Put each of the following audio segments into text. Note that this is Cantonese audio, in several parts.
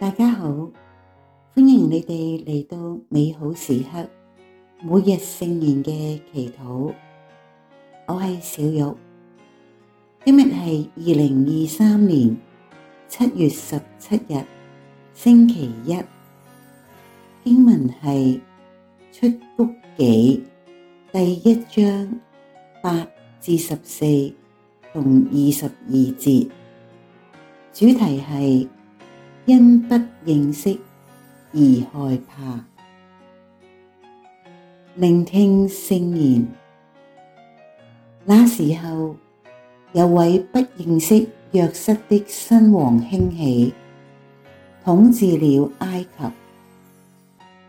大家好，歡迎你哋嚟到美好時刻每日聖言嘅祈禱。我係小玉，今日係二零二三年七月十七日星期一。經文係出谷記第一章八至十四同二十二節，主題係。因不認識而害怕，聆聽聖言。那時候有位不認識若瑟的新王興起，統治了埃及。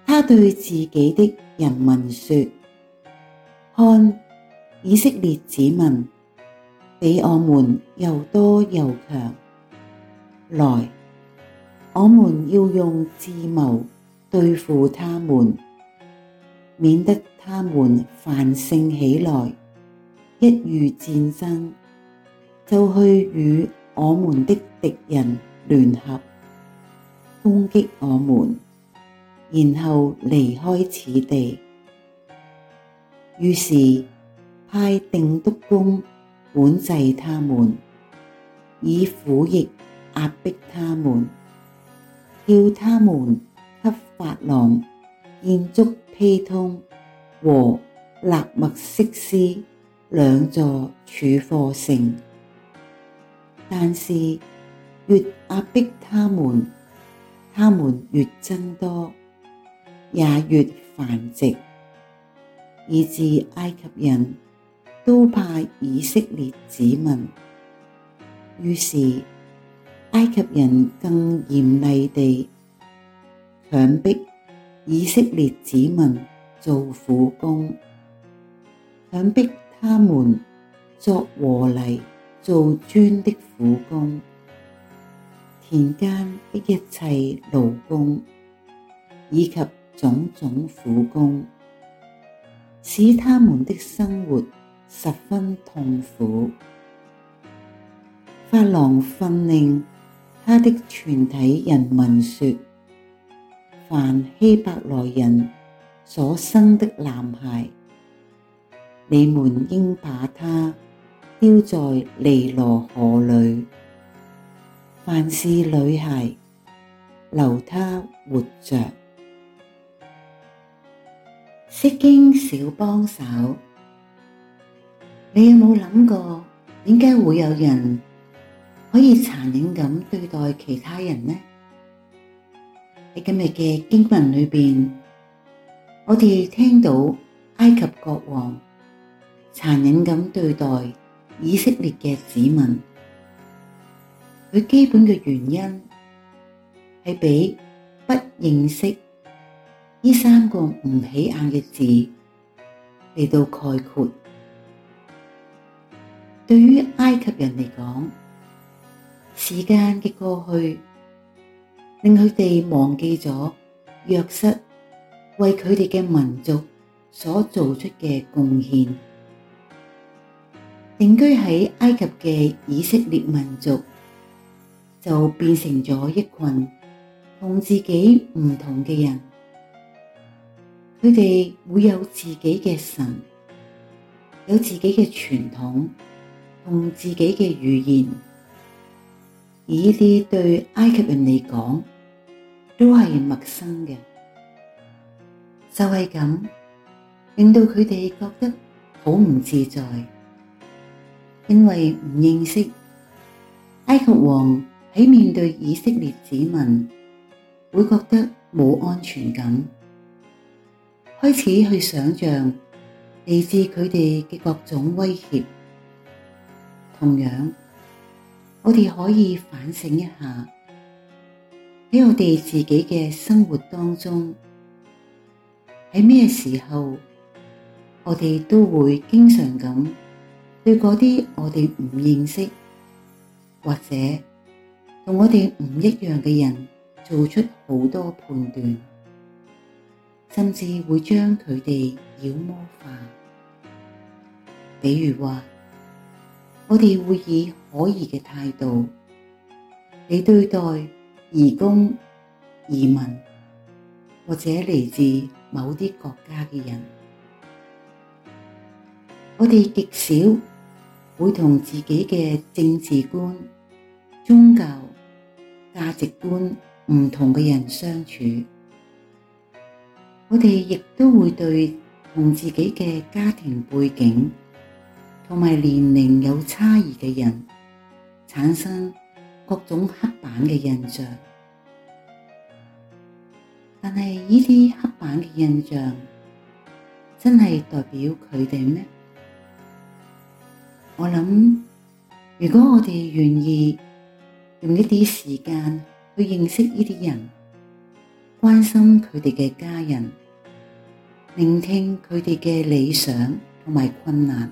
他對自己的人民說：看，以色列子民比我們又多又強，來！我們要用智謀對付他們，免得他們繁盛起來，一遇戰爭，就去與我們的敵人聯合，攻擊我們，然後離開此地。於是派定督工管制他們，以苦役壓迫他們。叫他們給法郎建築丕通和辣默色斯兩座貯貨城，但是越壓迫他們，他們越增多，也越繁殖，以至埃及人都怕以色列子民，於是。埃及人更嚴厲地強迫以色列子民做苦工，強迫他們作和泥、做磚的苦工，田間的一切勞工以及種種苦工，使他們的生活十分痛苦。法郎訓令。他的全體人民說：凡希伯來人所生的男孩，你們應把他丟在尼羅河裏；凡是女孩，留他活着。釋經小幫手，你有冇諗過，點解會有人可以殘忍咁對待其他人呢？喺今日嘅經文裏邊，我哋聽到埃及國王殘忍咁對待以色列嘅子民。佢基本嘅原因係俾不認識呢三個唔起眼嘅字嚟到概括。對於埃及人嚟講，時間嘅過去令佢哋忘記咗若瑟為佢哋嘅民族所做出嘅貢獻。定居喺埃及嘅以色列民族就變成咗一群同自己唔同嘅人。佢哋會有自己嘅神，有自己嘅傳統，同自己嘅語言。以呢啲對埃及人嚟講都係陌生嘅，就係咁令到佢哋覺得好唔自在，因為唔認識埃及王喺面對以色列子民會覺得冇安全感，開始去想象嚟自佢哋嘅各種威脅，同樣。我哋可以反省一下，喺我哋自己嘅生活當中，喺咩時候，我哋都會經常咁對嗰啲我哋唔認識或者同我哋唔一樣嘅人，做出好多判斷，甚至會將佢哋妖魔化，比如話。我哋會以可疑嘅態度嚟對待移工、移民或者嚟自某啲國家嘅人。我哋極少會同自己嘅政治觀、宗教價值觀唔同嘅人相處。我哋亦都會對同自己嘅家庭背景，同埋年齡有差異嘅人，產生各種刻板嘅印象。但係呢啲刻板嘅印象，真係代表佢哋咩？我諗，如果我哋願意用一啲時間去認識呢啲人，關心佢哋嘅家人，聆聽佢哋嘅理想同埋困難。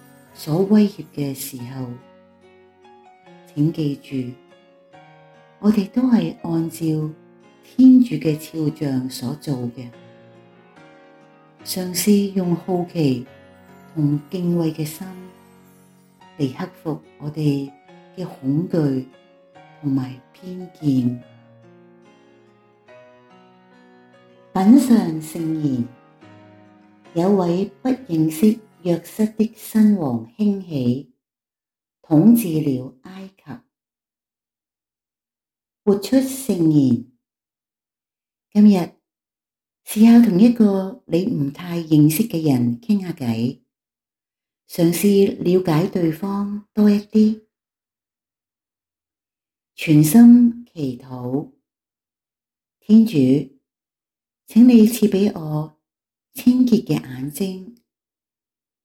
所威脅嘅時候，請記住，我哋都係按照天主嘅肖像所做嘅，嘗試用好奇同敬畏嘅心，嚟克服我哋嘅恐懼同埋偏見。品嘗聖言，有位不認識。若瑟的新王興起，統治了埃及。活出聖言。今日試下同一個你唔太認識嘅人傾下偈，嘗試了解對方多一啲。全心祈禱，天主，請你賜畀我清潔嘅眼睛。